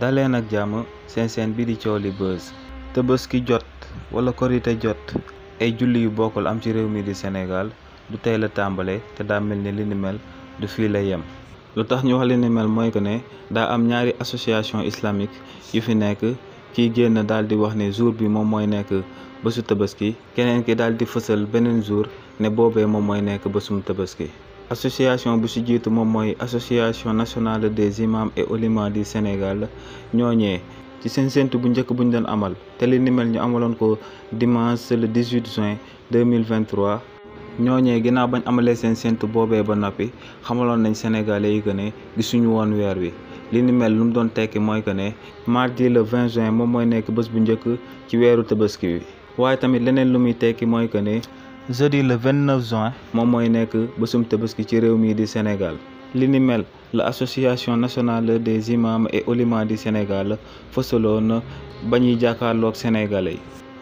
daleen ak jàmm seen bi di Thiowli Buzz Tabaski jot wala korite jot ay julli yu bokkul am ci réew mi di Sénégal du tey la tàmbale te daa mel ni li du fii yem lu tax ñu wax li mooy que ne daa am ñaari association islamique yu fi nekk kiy génn daal di wax ne jour bi moom mooy nekk bésu tabaski keneen ki daal di fësal beneen jour ne boobee moom mooy nekk bésum tabaski association bu ci jiitu moom mooy association nationale des imams et oulémas du Sénégal ñooñee ci seen séntu bu njëkk bu ñu doon amal te li ni mel ñu amaloon ko dimanche le 18 juin 2023 ñooñee ginnaaw bañ amalee seen séntu boobee ba noppi xamaloon nañ Sénégalais yi que ne gisuñu woon weer wi li ni mel lu doon tekki mooy que ne mardi le 20 juin moom mooy nekk bés bu njëkk ci weeru tabaski wi waaye tamit leneen lu muy tekki mooy que ne jeudi le 29 juin moom mooy nekk bésum tabaski ci réew mii di Sénégal li ni mel la association nationale des imams et oulémas du Sénégal fësaloon ba ñuy jàkkaarloog sénégal yi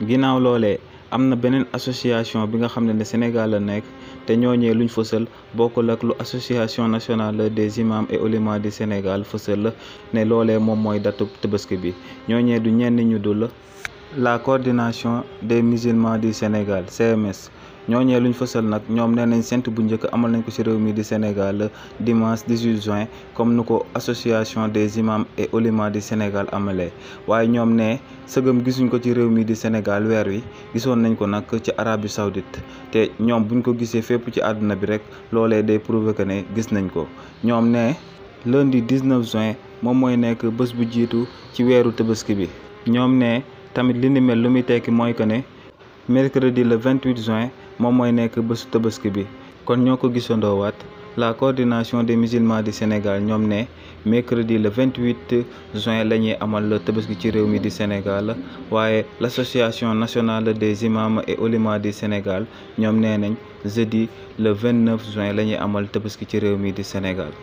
ginnaaw loolee am na beneen association bi nga xam ne ne Sénégal la nekk te ñooñee luñ fësal bokkul ak lu association nationale des imams et oulémas du Sénégal fësal ne loolee moom mooy datu tabaski bi ñooñee du ñenn ñu dul la coordination des musulmans du Sénégal CMS ñooñee luñu fësal nak ñom né nañ sent bu njëkk amal nañ ko ci réew mi di Sénégal dimanche 18 juin comme nuko association des imams et oulémas du Sénégal amalé waye ñom né sëgëm gisuñ ko ci réew mi di Sénégal wër wi gisoon nañ ko nak ci Arabie Saoudite té ñom buñ ko gisee fépp ci àdduna bi rek lolé day prouver que ne gis nañ ko ñom né lundi 19 juin mom moy nekk bés bu jitu ci wëru tebeski bi ñom né tamit li ni mel lu muy tekki mooy que ne mercredi le 28 juin moom mooy nekk bésu tabaski bi kon ñoo ko gisandoowaat la coordination des musulmans di Sénégal ñoom ne mercredi le 28 juin la ñuy amal la tabaski ci réew mi di Sénégal waaye l' association nationale des imams et oulémas di Sénégal ñoom nee nañ jeudi le 29 juin la ñuy amal tabaski ci réew mi di Sénégal